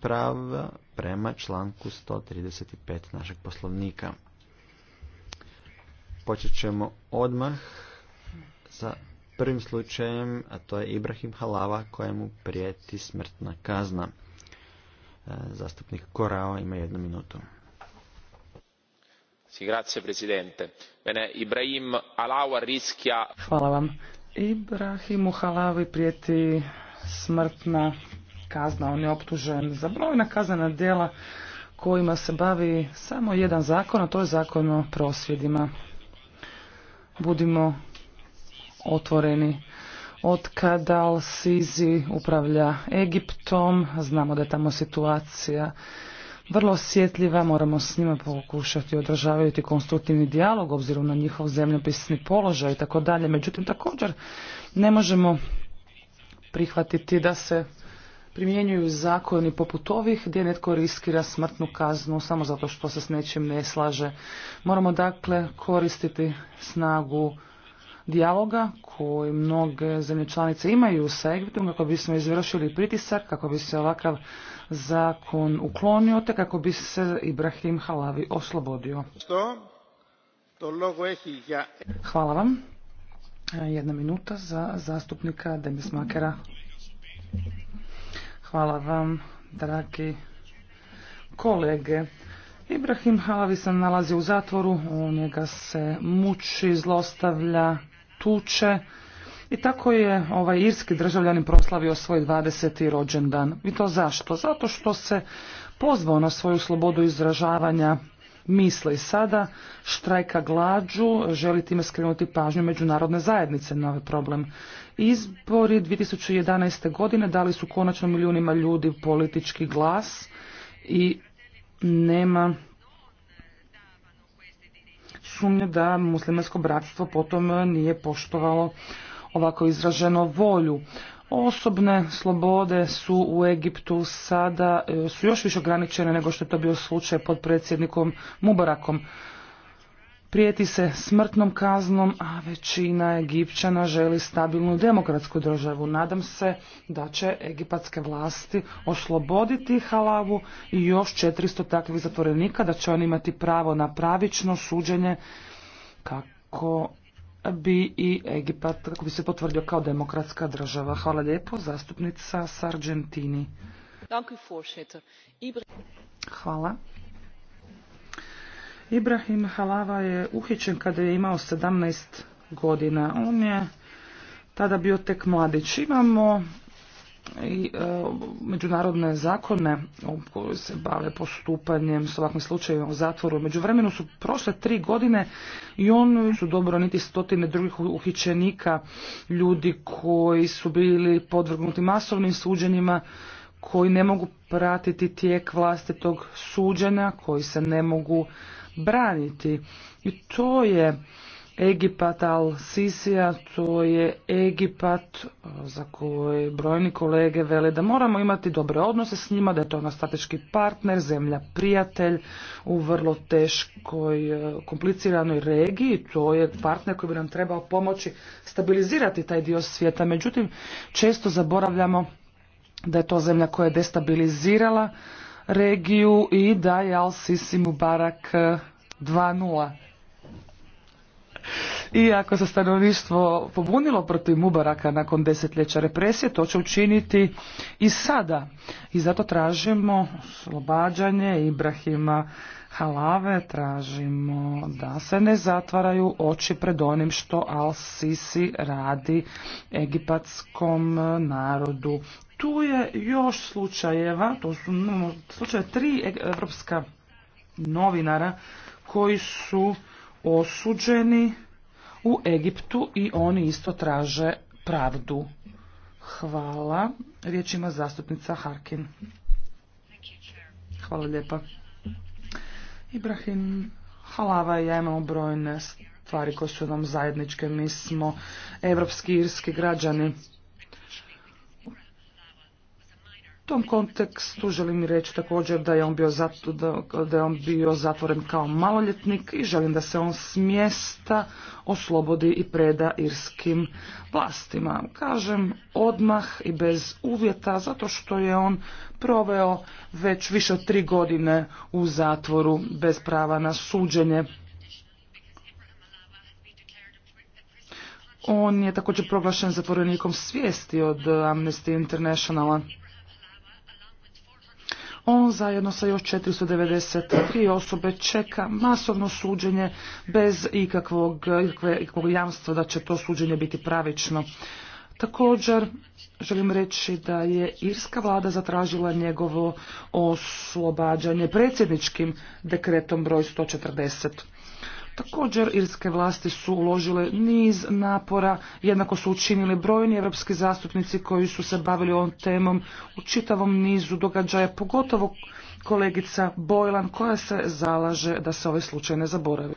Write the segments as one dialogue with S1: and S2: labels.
S1: prava prema članku 135 našeg poslovnika. Počet ćemo odmah sa prvim slučajem, a to je Ibrahim Halava kojemu prijeti smrtna kazna. E, zastupnik Korao ima jednu minutu.
S2: Hvala vam. Ibrahimu Halavi prijeti smrtna kazna. On je optužen za brojna kaznena djela kojima se bavi samo jedan zakon, a to je zakon o prosvjedima. Budimo otvoreni. Od kada Al-Sizi upravlja Egiptom, znamo da je tamo situacija vrlo osjetljiva, moramo s njima pokušati održavati konstruktivni dijalog obzirom na njihov zemljopisni položaj i tako dalje. Međutim, također ne možemo prihvatiti da se primjenjuju zakoni poput ovih gdje netko riskira smrtnu kaznu samo zato što se s nečim ne slaže. Moramo dakle koristiti snagu dijaloga koji mnoge zemlje članice imaju sa Egiptom kako bismo izvršili pritisak, kako bi se ovakav zakon uklonio te kako bi se Ibrahim Halavi oslobodio. Hvala vam. Jedna minuta za zastupnika Demis Makera. Hvala vam, dragi kolege. Ibrahim Halavi se nalazi u zatvoru, u njega se muči, zlostavlja, tuče. I tako je ovaj irski državljanin proslavio svoj 20. rođendan. I to zašto? Zato što se pozvao na svoju slobodu izražavanja misle. I sada štrajka glađu želi time skrenuti pažnju međunarodne zajednice na ovaj problem. Izbori 2011. godine dali su konačno milijunima ljudi politički glas i nema sumnje da muslimansko bratstvo potom nije poštovalo ovako izraženo volju. Osobne slobode su u Egiptu sada e, su još više ograničene nego što je to bio slučaj pod predsjednikom Mubarakom. Prijeti se smrtnom kaznom, a većina Egipćana želi stabilnu demokratsku državu. Nadam se da će egipatske vlasti osloboditi Halavu i još 400 takvih zatvorenika, da će oni imati pravo na pravično suđenje kako bi i Egipat kako bi se potvrdio kao demokratska država. Hvala lijepo, zastupnica Sargentini. Hvala. Ibrahim Halava je uhićen kada je imao 17 godina. On je tada bio tek mladić. Imamo i e, međunarodne zakone koji se bave postupanjem s ovakvim slučajima u zatvoru. Među vremenu su prošle tri godine i on su dobro niti stotine drugih uhićenika, ljudi koji su bili podvrgnuti masovnim suđenjima, koji ne mogu pratiti tijek vlastitog suđenja, koji se ne mogu braniti. I to je Egipat al-Sisija, to je Egipat e, za koje brojni kolege vele da moramo imati dobre odnose s njima, da je to ono strateški partner, zemlja prijatelj u vrlo teškoj, e, kompliciranoj regiji. To je partner koji bi nam trebao pomoći stabilizirati taj dio svijeta. Međutim, često zaboravljamo da je to zemlja koja je destabilizirala regiju i da je al-Sisi Mubarak 2.0. E, i ako se stanovništvo pobunilo protiv Mubaraka nakon desetljeća represije, to će učiniti i sada. I zato tražimo slobađanje Ibrahima Halave, tražimo da se ne zatvaraju oči pred onim što Al-Sisi radi egipatskom narodu. Tu je još slučajeva, to su slučaje tri e, evropska novinara koji su osuđeni u Egiptu i oni isto traže pravdu. Hvala. Riječ ima zastupnica Harkin. Hvala lijepa. Ibrahim Halava i ja imamo brojne stvari koje su nam zajedničke. Mi smo evropski irski građani. tom kontekstu želim reći također da je on bio, da, je on bio zatvoren kao maloljetnik i želim da se on smjesta oslobodi i preda irskim vlastima. Kažem odmah i bez uvjeta zato što je on proveo već više od tri godine u zatvoru bez prava na suđenje. On je također proglašen zatvorenikom svijesti od Amnesty Internationala. On zajedno sa još 493 osobe čeka masovno suđenje bez ikakvog, ikakvog jamstva da će to suđenje biti pravično. Također želim reći da je irska vlada zatražila njegovo oslobađanje predsjedničkim dekretom broj 140. Također, irske vlasti su uložile niz napora, jednako su učinili brojni evropski zastupnici koji su se bavili ovom temom u čitavom nizu događaja, pogotovo kolegica Bojlan koja se zalaže da se ovaj slučaj ne zaboravi.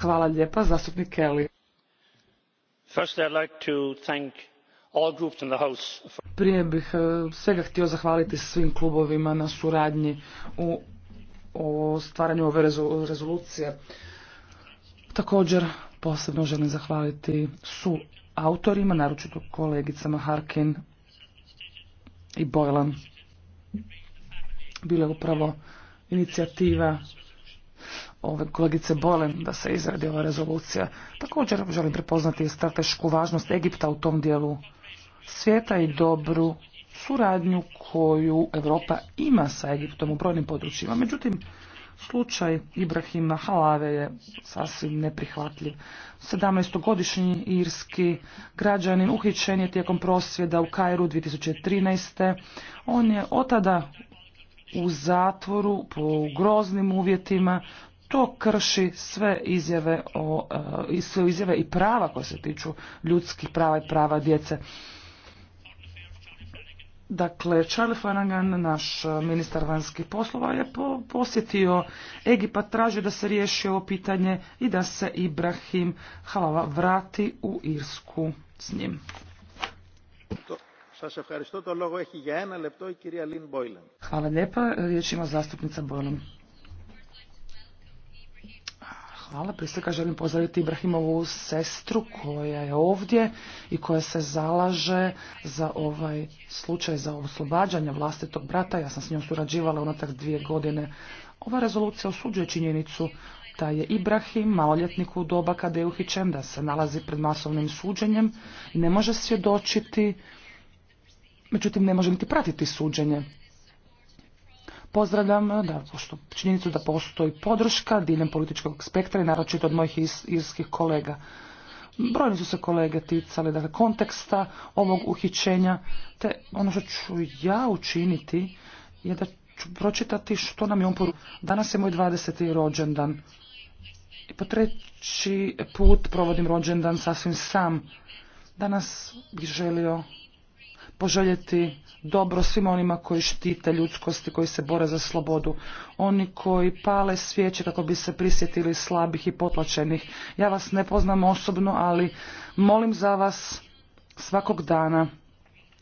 S2: Hvala lijepa, zastupnik Kelly.
S1: First, I'd
S2: prije bih e, svega htio zahvaliti svim klubovima na suradnji u o stvaranju ove rezolucije. Također posebno želim zahvaliti su autorima, naročito kolegicama Harkin i Boylan. Bila je upravo inicijativa ove kolegice Bolen da se izradi ova rezolucija. Također želim prepoznati stratešku važnost Egipta u tom dijelu svijeta i dobru suradnju koju Europa ima sa Egiptom u brojnim područjima. Međutim, slučaj Ibrahima Halave je sasvim neprihvatljiv. 17-godišnji irski građanin uhićen je tijekom prosvjeda u Kairu 2013. On je od tada u zatvoru po groznim uvjetima. To krši sve izjave, o, e, sve izjave i prava koje se tiču ljudskih prava i prava djece. Dakle, Charles Flanagan, naš e, ministar vanjskih poslova, je posjetio Egipat, tražio da se riješi ovo pitanje i da se Ibrahim Halava vrati u Irsku s njim. Hvala lijepa. Riječ ima zastupnica Boylan. Hvala. Prije svega želim pozdraviti Ibrahimovu sestru koja je ovdje i koja se zalaže za ovaj slučaj za oslobađanje vlastitog brata. Ja sam s njom surađivala unatak dvije godine. Ova rezolucija osuđuje činjenicu da je Ibrahim maloljetnik u doba kada je uhićen, da se nalazi pred masovnim suđenjem i ne može svjedočiti, međutim ne može niti pratiti suđenje. Pozdravljam da, pošto, činjenicu da postoji podrška diljem političkog spektra i naročito od mojih irskih kolega. Brojni su se kolege ticali dakle, konteksta ovog uhićenja, te ono što ću ja učiniti je da ću pročitati što nam je on poru. Danas je moj 20. rođendan. I po treći put provodim rođendan sasvim sam. Danas bih želio poželjeti dobro svima onima koji štite ljudskosti, koji se bore za slobodu. Oni koji pale svijeće kako bi se prisjetili slabih i potlačenih. Ja vas ne poznam osobno, ali molim za vas svakog dana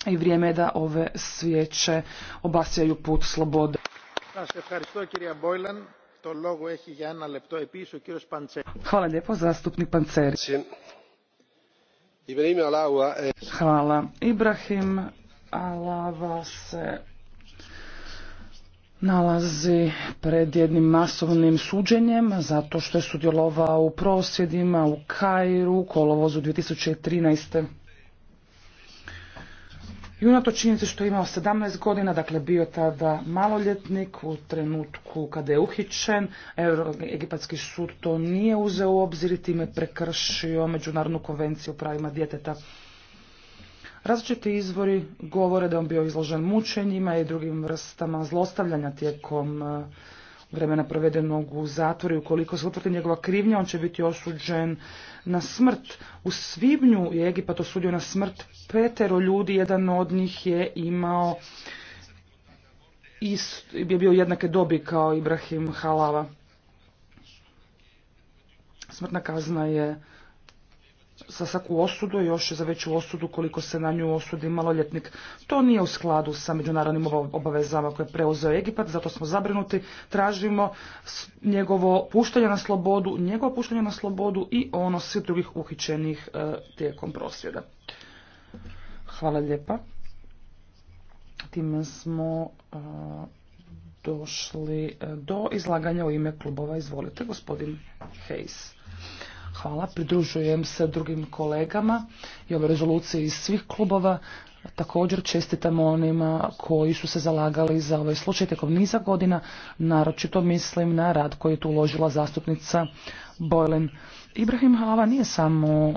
S2: i vrijeme je da ove svijeće obasjaju put slobode. Hvala lijepo, zastupnik Panceri.
S1: E,
S2: Hvala. Ibrahim Alava se nalazi pred jednim masovnim suđenjem zato što je sudjelovao u prosvjedima u Kairu u kolovozu 2013. I unato činjenice što je imao 17 godina, dakle bio tada maloljetnik u trenutku kada je uhićen, egipatski sud to nije uzeo u obzir i time prekršio Međunarodnu konvenciju o pravima djeteta. Različiti izvori govore da on bio izložen mučenjima i drugim vrstama zlostavljanja tijekom eh, vremena provedenog u zatvoru i ukoliko se utvrdi njegova krivnja, on će biti osuđen na smrt. U Svibnju je Egipat osudio na smrt petero ljudi, jedan od njih je imao bio je bio jednake dobi kao Ibrahim Halava. Smrtna kazna je za u osudu, još za veću osudu koliko se na nju osudi maloljetnik. To nije u skladu sa međunarodnim obavezama koje je preuzeo Egipat, zato smo zabrinuti, tražimo njegovo puštanje na slobodu, njegovo puštanje na slobodu i ono svih drugih uhićenih e, tijekom prosvjeda. Hvala lijepa. Time smo e, došli e, do izlaganja u ime klubova. Izvolite, gospodin Hejs. Hvala, pridružujem se drugim kolegama i ove rezoluciji iz svih klubova. Također čestitam onima koji su se zalagali za ovaj slučaj tijekom niza godina, naročito mislim na rad koji je tu uložila zastupnica Boylen. Ibrahim Hava nije samo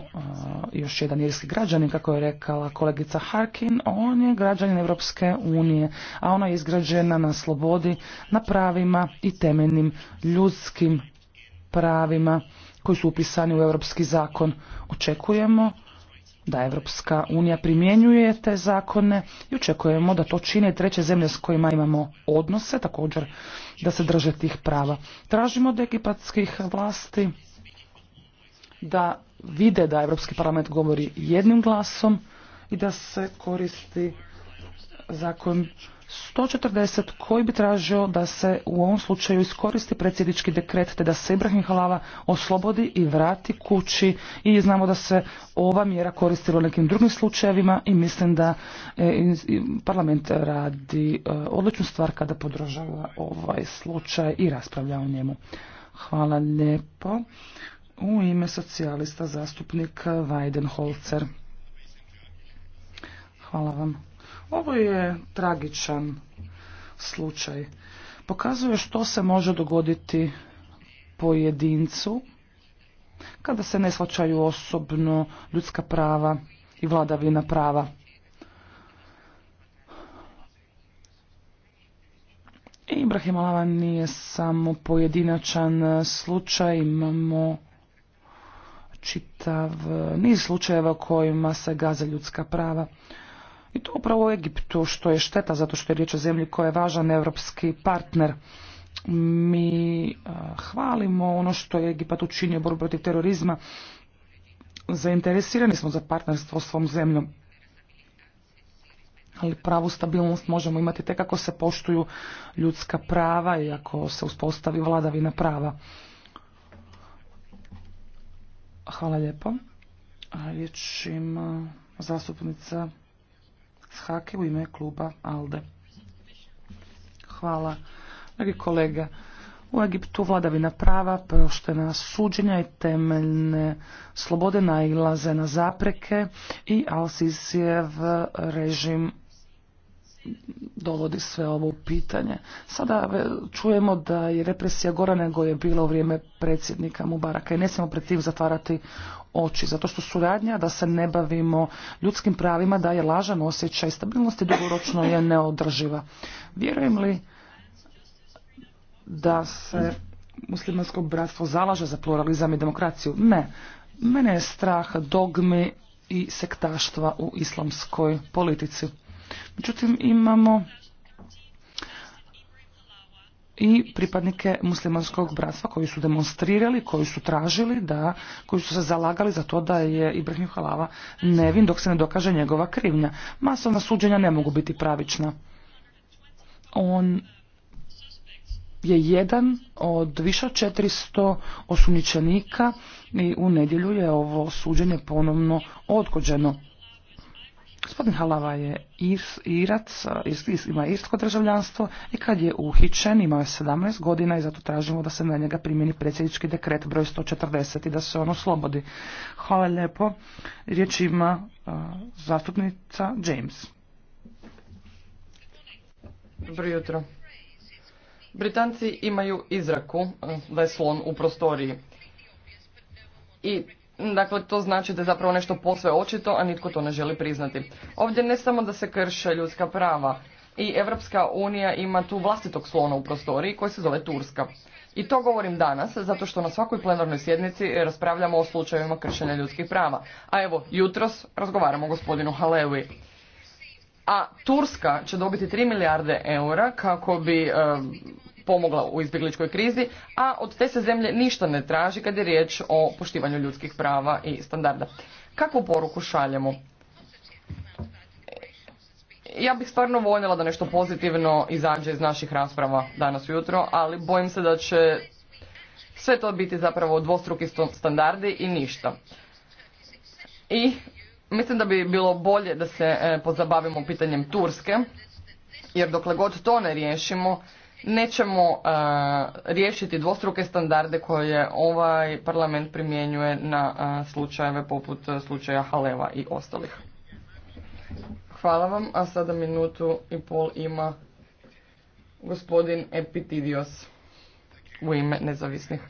S2: još jedan irski građanin, kako je rekala kolegica Harkin, on je građanin Europske unije, a ona je izgrađena na slobodi, na pravima i temeljnim ljudskim pravima koji su upisani u europski zakon. Očekujemo da Evropska unija primjenjuje te zakone i očekujemo da to čine treće zemlje s kojima imamo odnose, također da se drže tih prava. Tražimo od egipatskih vlasti da vide da Europski parlament govori jednim glasom i da se koristi zakon 140 koji bi tražio da se u ovom slučaju iskoristi predsjednički dekret te da se Ibrahim Halava oslobodi i vrati kući i znamo da se ova mjera koristila u nekim drugim slučajevima i mislim da e, parlament radi e, odličnu stvar kada podržava ovaj slučaj i raspravlja o njemu. Hvala lijepo. U ime socijalista zastupnik Weidenholzer. Hvala vam. Ovo je tragičan slučaj. Pokazuje što se može dogoditi pojedincu kada se ne shvaćaju osobno ljudska prava i vladavina prava. Ibrahim Alava nije samo pojedinačan slučaj, imamo čitav niz slučajeva kojima se gaze ljudska prava. I to upravo u Egiptu, što je šteta, zato što je riječ o zemlji koja je važan europski partner. Mi e, hvalimo ono što je Egipat učinio borbu protiv terorizma. Zainteresirani smo za partnerstvo s svom zemljom. Ali pravu stabilnost možemo imati tek ako se poštuju ljudska prava i ako se uspostavi vladavina prava. Hvala lijepo. Riječ ima zastupnica Hake u ime kluba ALDE. Hvala. Dragi kolege, u Egiptu vladavina prava, poštena suđenja i temeljne slobode nailaze na zapreke i Al-Sisijev režim dovodi sve ovo u pitanje. Sada e, čujemo da je represija gora nego je bilo u vrijeme predsjednika Mubaraka i ne smijemo pred tim zatvarati oči, zato što suradnja da se ne bavimo ljudskim pravima da je lažan osjećaj stabilnosti dugoročno je neodrživa. Vjerujem li da se muslimansko bratstvo zalaže za pluralizam i demokraciju? Ne. Mene je strah dogmi i sektaštva u islamskoj politici. Međutim, imamo i pripadnike muslimanskog bratstva koji su demonstrirali, koji su tražili da, koji su se zalagali za to da je Ibrahim Halava nevin dok se ne dokaže njegova krivnja. Masovna suđenja ne mogu biti pravična. On je jedan od više od 400 osumnjičenika i u nedjelju je ovo suđenje ponovno odgođeno. Gospodin Halava je Irac, is, ima irsko državljanstvo i kad je uhićen imao je 17 godina i zato tražimo da se na njega primjeni predsjednički dekret broj 140 i da se on oslobodi. Hvala lijepo. Riječ ima zastupnica James.
S3: Dobro jutro. Britanci imaju izraku da je slon u prostoriji. I Dakle, to znači da je zapravo nešto posve očito, a nitko to ne želi priznati. Ovdje ne samo da se krše ljudska prava, i Evropska unija ima tu vlastitog slona u prostoriji koji se zove Turska. I to govorim danas zato što na svakoj plenarnoj sjednici raspravljamo o slučajevima kršenja ljudskih prava. A evo, jutros razgovaramo o gospodinu Halevi. A Turska će dobiti 3 milijarde eura kako bi pomogla u izbjegličkoj krizi, a od te se zemlje ništa ne traži kad je riječ o poštivanju ljudskih prava i standarda. Kakvu poruku šaljemo? Ja bih stvarno voljela da nešto pozitivno izađe iz naših rasprava danas ujutro, ali bojim se da će sve to biti zapravo dvostruki standardi i ništa. I mislim da bi bilo bolje da se e, pozabavimo pitanjem Turske, jer dokle god to ne riješimo, nećemo uh, riješiti dvostruke standarde koje ovaj parlament primjenjuje na uh, slučajeve poput e, slučaja Haleva i ostalih. Hvala vam, a sada minutu i pol ima gospodin Epitidios u ime nezavisnih.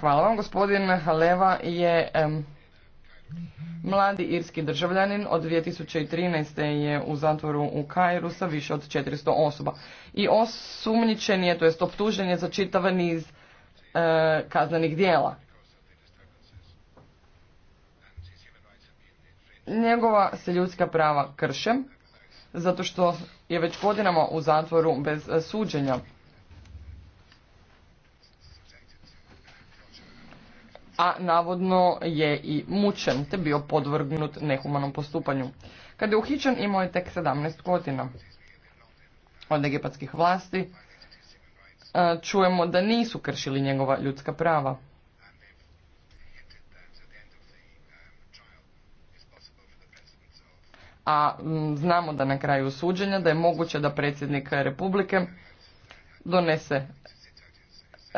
S3: Hvala vam, gospodin Haleva je... Mladi irski državljanin od 2013. je u zatvoru u Kairu sa više od 400 osoba. I osumnjičen je, to jest optužen je za čitav niz e, kaznenih dijela. Njegova se ljudska prava krše, zato što je već godinama u zatvoru bez suđenja. a navodno je i mučen te bio podvrgnut nehumanom postupanju. Kad je uhićen imao je tek 17 godina. Od egipatskih vlasti e, čujemo da nisu kršili njegova ljudska prava. a znamo da na kraju suđenja da je moguće da predsjednik Republike donese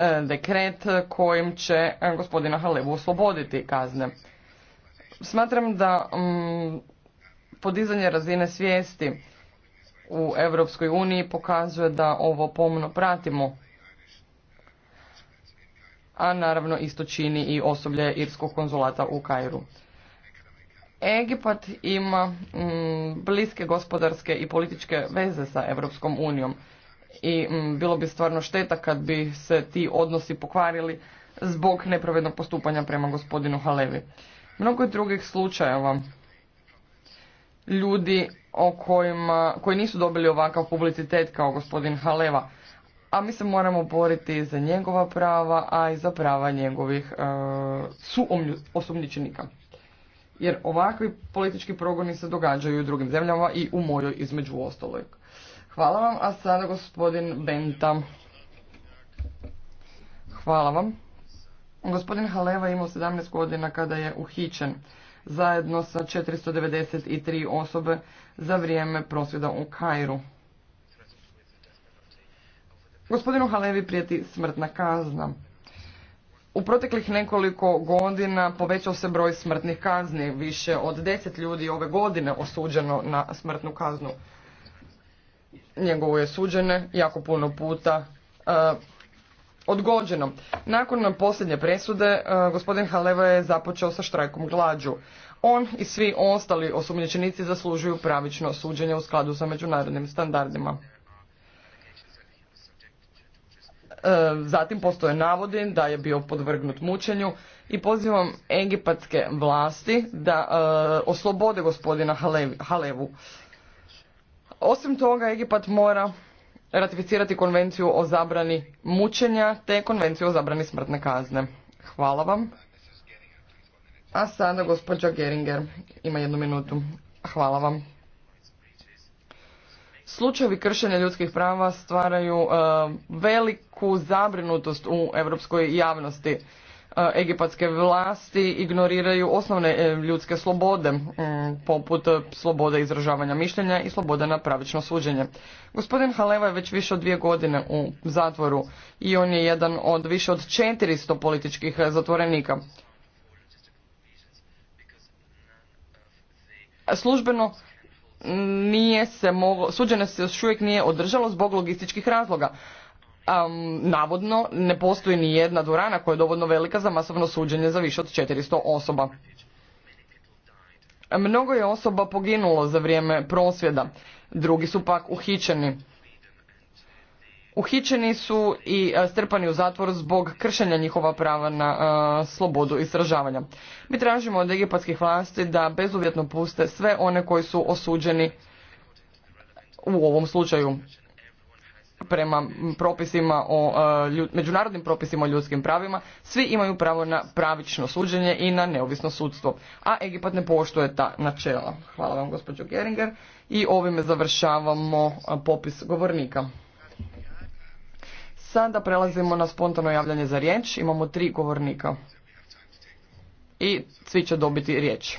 S3: E, dekret kojim će e, gospodina Halevu osloboditi kazne. Smatram da mm, podizanje razine svijesti u Europskoj uniji pokazuje da ovo pomno pratimo. A naravno isto čini i osoblje Irskog konzulata u Kairu. Egipat ima mm, bliske gospodarske i političke veze sa Europskom unijom i mm, bilo bi stvarno šteta kad bi se ti odnosi pokvarili zbog nepravednog postupanja prema gospodinu Halevi. Mnogo je drugih slučajeva ljudi o kojima, koji nisu dobili ovakav publicitet kao gospodin Haleva, a mi se moramo boriti za njegova prava, a i za prava njegovih e, Jer ovakvi politički progoni se događaju u drugim zemljama i u mojoj između ostalog. Hvala vam, a sada gospodin Benta. Hvala vam. Gospodin Haleva imao 17 godina kada je uhićen zajedno sa 493 osobe za vrijeme prosvjeda u Kairu. Gospodinu Halevi prijeti smrtna kazna. U proteklih nekoliko godina povećao se broj smrtnih kazni, više od 10 ljudi ove godine osuđeno na smrtnu kaznu njegovo je suđene jako puno puta e, odgođeno. Nakon posljednje presude e, gospodin Haleva je započeo sa štrajkom glađu. On i svi ostali osumnjičenici zaslužuju pravično suđenje u skladu sa međunarodnim standardima. E, zatim postoje navodi da je bio podvrgnut mučenju i pozivam egipatske vlasti da oslobode gospodina Halevu. Osim toga, Egipat mora ratificirati konvenciju o zabrani mučenja te konvenciju o zabrani smrtne kazne. Hvala vam. A sada gospođa Geringer ima jednu minutu. Hvala vam. Slučajevi kršenja ljudskih prava stvaraju e, veliku zabrinutost u europskoj javnosti. E, egipatske vlasti ignoriraju osnovne e, ljudske slobode, poput e, slobode izražavanja mišljenja i slobode na pravično suđenje. Gospodin Haleva je već više od dvije godine u zatvoru i on je jedan od više od 400 političkih zatvorenika. Službeno nije se moglo, suđenje se još uvijek nije održalo zbog logističkih razloga navodno ne postoji ni jedna dvorana koja je dovoljno velika za masovno suđenje za više od 400 osoba. Mnogo je osoba poginulo za vrijeme prosvjeda, drugi su pak uhićeni. Uhićeni su i e, strpani u zatvor zbog kršenja njihova prava na e, slobodu slobodu istražavanja. Mi tražimo od egipatskih vlasti da bezuvjetno puste sve one koji su osuđeni u ovom slučaju prema propisima o, e, međunarodnim propisima o ljudskim pravima, svi imaju pravo na pravično suđenje i na neovisno sudstvo. A Egipat ne poštuje ta načela. Hvala vam gospođo Geringer i ovime završavamo e, popis govornika. Sada prelazimo na spontano javljanje za riječ. Imamo tri govornika. I svi će dobiti riječ.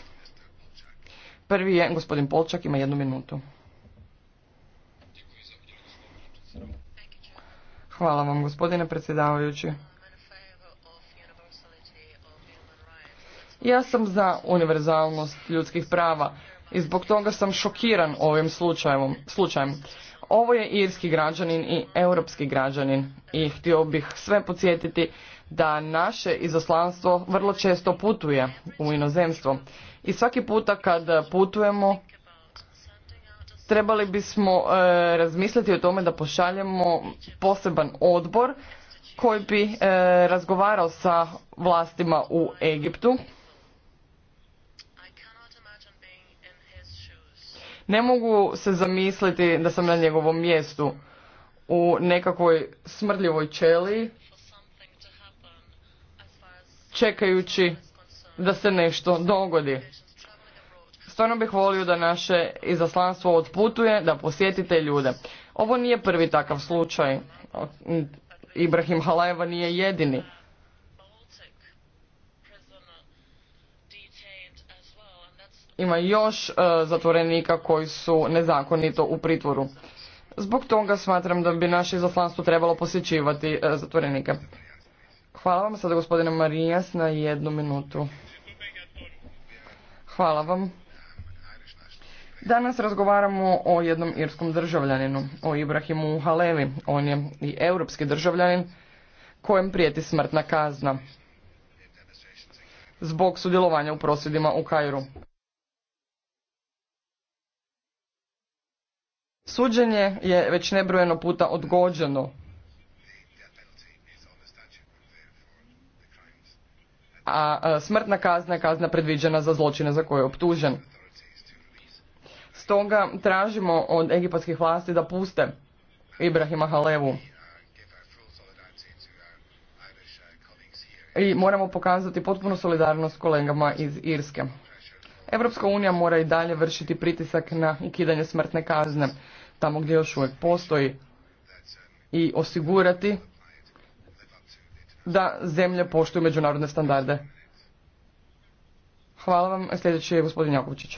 S3: Prvi je gospodin Polčak, ima jednu minutu. Hvala vam gospodine predsjedavajući. Ja sam za univerzalnost ljudskih prava i zbog toga sam šokiran ovim slučajem. slučajem. Ovo je irski građanin i europski građanin i htio bih sve podsjetiti da naše izoslanstvo vrlo često putuje u inozemstvo i svaki puta kad putujemo trebali bismo e, razmisliti o tome da pošaljemo poseban odbor koji bi e, razgovarao sa vlastima u Egiptu. Ne mogu se zamisliti da sam na njegovom mjestu u nekakvoj smrljivoj čeli čekajući da se nešto dogodi. Stvarno bih volio da naše izaslanstvo odputuje, da posjetite ljude. Ovo nije prvi takav slučaj. Ibrahim Halajeva nije jedini. Ima još e, zatvorenika koji su nezakonito u pritvoru. Zbog toga smatram da bi naše izaslanstvo trebalo posjećivati e, zatvorenike. Hvala vam sada gospodine Marijas na jednu minutu. Hvala vam. Danas razgovaramo o jednom irskom državljaninu, o Ibrahimu Halevi. On je i europski državljanin kojem prijeti smrtna kazna zbog sudjelovanja u prosvjedima u Kairu. Suđenje je već nebrojeno puta odgođeno. A smrtna kazna je kazna predviđena za zločine za koje je optužen. Stoga tražimo od egipatskih vlasti da puste Ibrahima Halevu. I moramo pokazati potpunu solidarnost kolegama iz Irske. Europska unija mora i dalje vršiti pritisak na ukidanje smrtne kazne tamo gdje još uvijek postoji i osigurati da zemlje poštuju međunarodne standarde. Hvala vam. Sljedeći je gospodin
S1: Jakovčić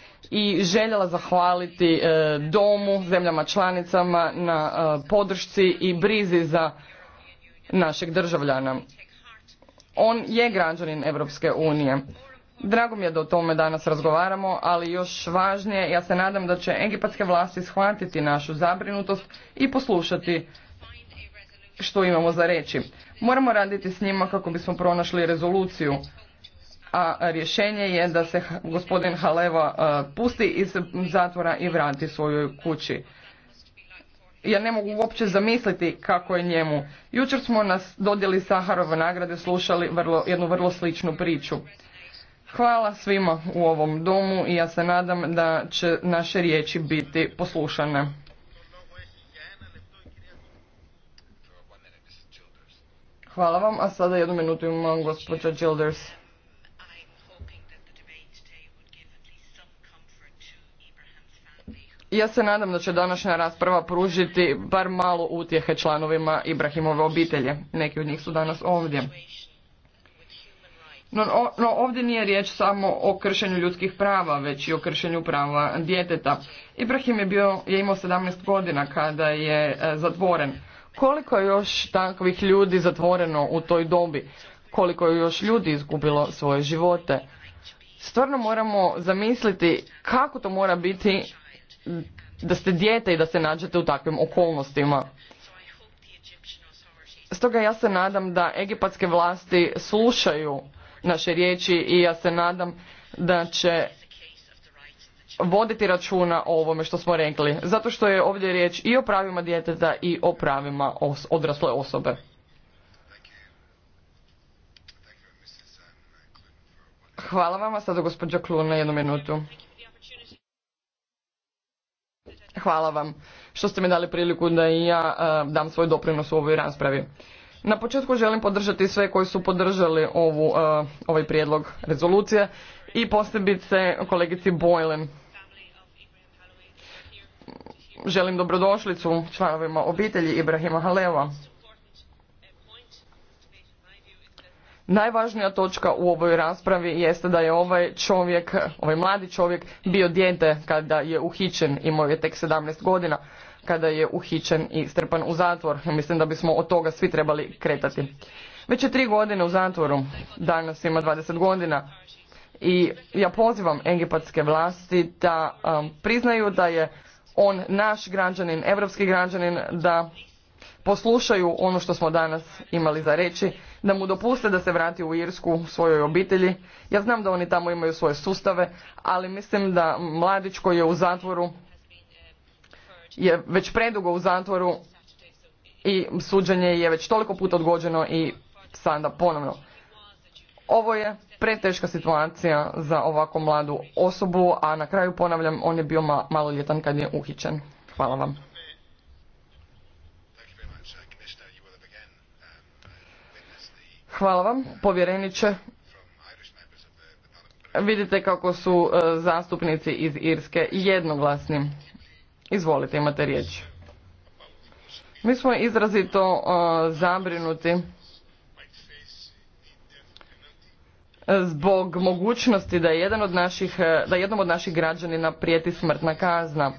S3: i željela zahvaliti e, domu, zemljama članicama na e, podršci i brizi za našeg državljana. On je građanin Europske unije. Drago mi je da o tome danas razgovaramo, ali još važnije, ja se nadam da će egipatske vlasti shvatiti našu zabrinutost i poslušati što imamo za reći. Moramo raditi s njima kako bismo pronašli rezoluciju a rješenje je da se gospodin Haleva e, pusti iz zatvora i vrati svojoj kući. Ja ne mogu uopće zamisliti kako je njemu. Jučer smo nas dodjeli Saharove nagrade slušali vrlo, jednu vrlo sličnu priču. Hvala svima u ovom domu i ja se nadam da će naše riječi biti poslušane. Hvala vam, a sada jednu minutu imam gospođa Childers. Ja se nadam da će današnja rasprava pružiti bar malo utjehe članovima Ibrahimove obitelje. Neki od njih su danas ovdje. No, no ovdje nije riječ samo o kršenju ljudskih prava, već i o kršenju prava djeteta. Ibrahim je, bio, je imao 17 godina kada je e, zatvoren. Koliko je još takvih ljudi zatvoreno u toj dobi? Koliko je još ljudi izgubilo svoje živote? Stvarno moramo zamisliti kako to mora biti da ste dijete i da se nađete u takvim okolnostima. Stoga ja se nadam da egipatske vlasti slušaju naše riječi i ja se nadam da će voditi računa o ovome što smo rekli. Zato što je ovdje riječ i o pravima djeteta i o pravima odrasle osobe. Hvala vama. Sada gospođa Klun na jednu minutu. Hvala vam što ste mi dali priliku da i ja e, dam svoj doprinos u ovoj raspravi. Na početku želim podržati sve koji su podržali ovu, e, ovaj prijedlog rezolucije i posebice kolegici Boylen. Želim dobrodošlicu članovima obitelji Ibrahima Haleva. Najvažnija točka u ovoj raspravi jeste da je ovaj čovjek, ovaj mladi čovjek bio dijete kada je uhićen, imao je tek 17 godina kada je uhićen i strpan u zatvor. Mislim da bismo od toga svi trebali kretati. Već je tri godine u zatvoru, danas ima 20 godina i ja pozivam Engipatske vlasti da um, priznaju da je on naš građanin, evropski građanin, da poslušaju ono što smo danas imali za reći da mu dopuste da se vrati u Irsku svojoj obitelji. Ja znam da oni tamo imaju svoje sustave, ali mislim da mladić koji je u zatvoru je već predugo u zatvoru i suđenje je već toliko puta odgođeno i sada ponovno. Ovo je preteška situacija za ovako mladu osobu, a na kraju ponavljam, on je bio maloljetan kad je uhićen. Hvala vam. Hvala vam, povjereniče. Vidite kako su e, zastupnici iz Irske jednoglasni. Izvolite, imate riječ. Mi smo izrazito e, zabrinuti zbog mogućnosti da, jedan od naših, e, da jednom od naših građanina prijeti smrtna kazna.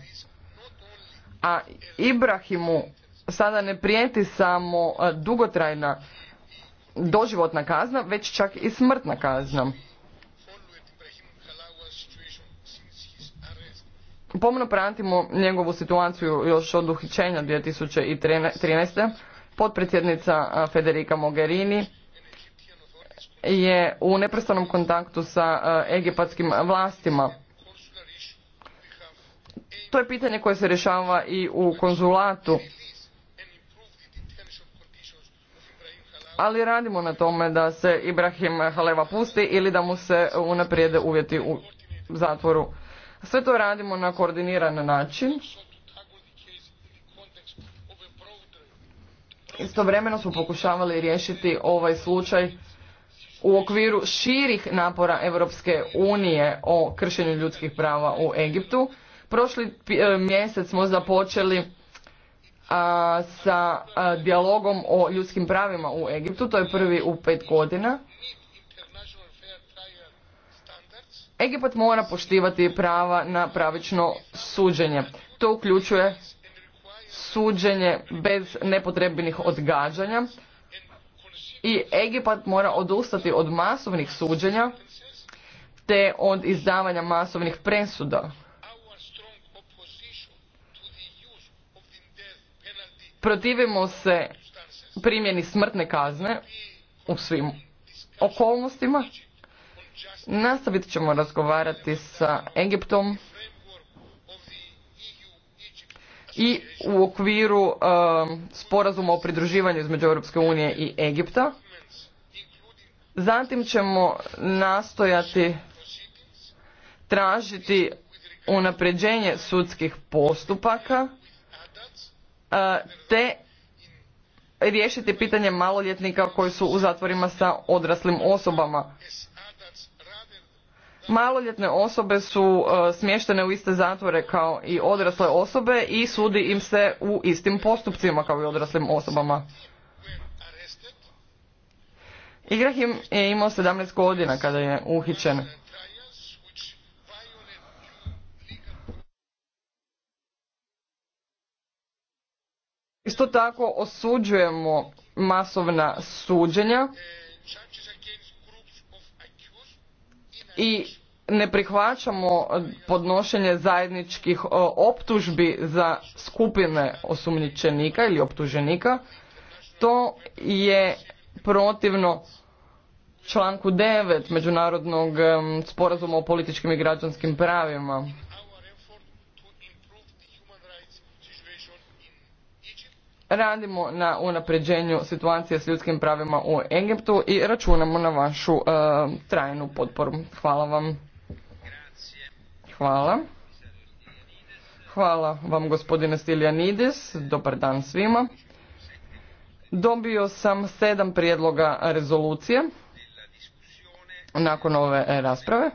S3: A Ibrahimu sada ne prijeti samo dugotrajna doživotna kazna, već čak i smrtna kazna. Pomno pratimo njegovu situaciju još od uhićenja 2013. Potpredsjednica Federica Mogherini je u neprestanom kontaktu sa egipatskim vlastima. To je pitanje koje se rješava i u konzulatu ali radimo na tome da se Ibrahim Haleva pusti ili da mu se unaprijede uvjeti u zatvoru. Sve to radimo na koordiniran način. Istovremeno smo pokušavali riješiti ovaj slučaj u okviru širih napora Europske unije o kršenju ljudskih prava u Egiptu. Prošli eh, mjesec smo započeli sa dijalogom o ljudskim pravima u Egiptu, to je prvi u pet godina. Egipat mora poštivati prava na pravično suđenje. To uključuje suđenje bez nepotrebnih odgađanja i Egipat mora odustati od masovnih suđenja te od izdavanja masovnih presuda. Protivimo se primjeni smrtne kazne u svim okolnostima. Nastavit ćemo razgovarati sa Egiptom i u okviru um, sporazuma o pridruživanju između Europske unije i Egipta. Zatim ćemo nastojati tražiti unapređenje sudskih postupaka e, te riješiti pitanje maloljetnika koji su u zatvorima sa odraslim osobama. Maloljetne osobe su e, smještene u iste zatvore kao i odrasle osobe i sudi im se u istim postupcima kao i odraslim osobama. Igrahim je imao 17 godina kada je uhićen. Isto tako osuđujemo masovna suđenja i ne prihvaćamo podnošenje zajedničkih e, optužbi za skupine osumnjičenika ili optuženika. To je protivno članku 9 Međunarodnog sporazuma o političkim i građanskim pravima. radimo na unapređenju situacije s ljudskim pravima u Egiptu i računamo na vašu e, trajnu potporu. Hvala vam. Hvala. Hvala vam gospodine Stiljanidis. Dobar dan svima. Dobio sam sedam prijedloga rezolucije nakon ove rasprave.